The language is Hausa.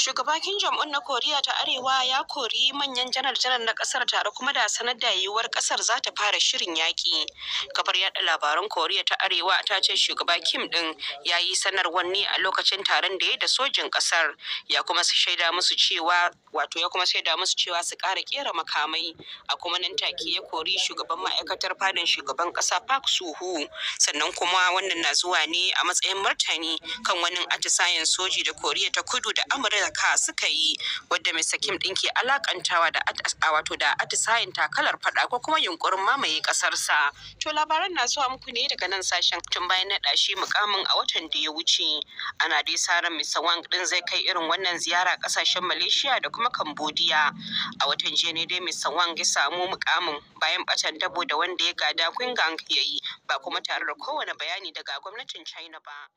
Shugaban Kim Jong Un na Koriya ta Arewa ya kori manyan janar-janar na kasar tare kuma da sanar da yiwuwar kasar za ta fara shirin yaki. Kafar yada labaran Koriya ta Arewa ta ce shugaba Kim din ya yi sanarwar ne a lokacin taron da ya da sojin kasar ya kuma shaida musu cewa wato ya kuma shaida musu cewa su kara kera makamai a kuma nan take ya kori shugaban ma'aikatar fadin shugaban kasa Park Suhu sannan kuma wannan na zuwa ne a matsayin martani kan wani atisayen soji da Koriya ta Kudu da Amurka amurka suka yi wadda mr kim ɗin ke alakantawa da wato da atisayin takalar fada ko kuma yunkurin mamaye ƙasarsa to labaran na zuwa muku ne daga nan sashen tun bayan na shi mukamin a watan da ya wuce ana dai saran ran mr wang ɗin zai kai irin wannan ziyara ƙasashen malaysia da kuma cambodia a watan jiya ne dai mr wang ya samu mukamin bayan batan dabo da wanda ya gada kwingang ya yi ba kuma tare da kowane bayani daga gwamnatin china ba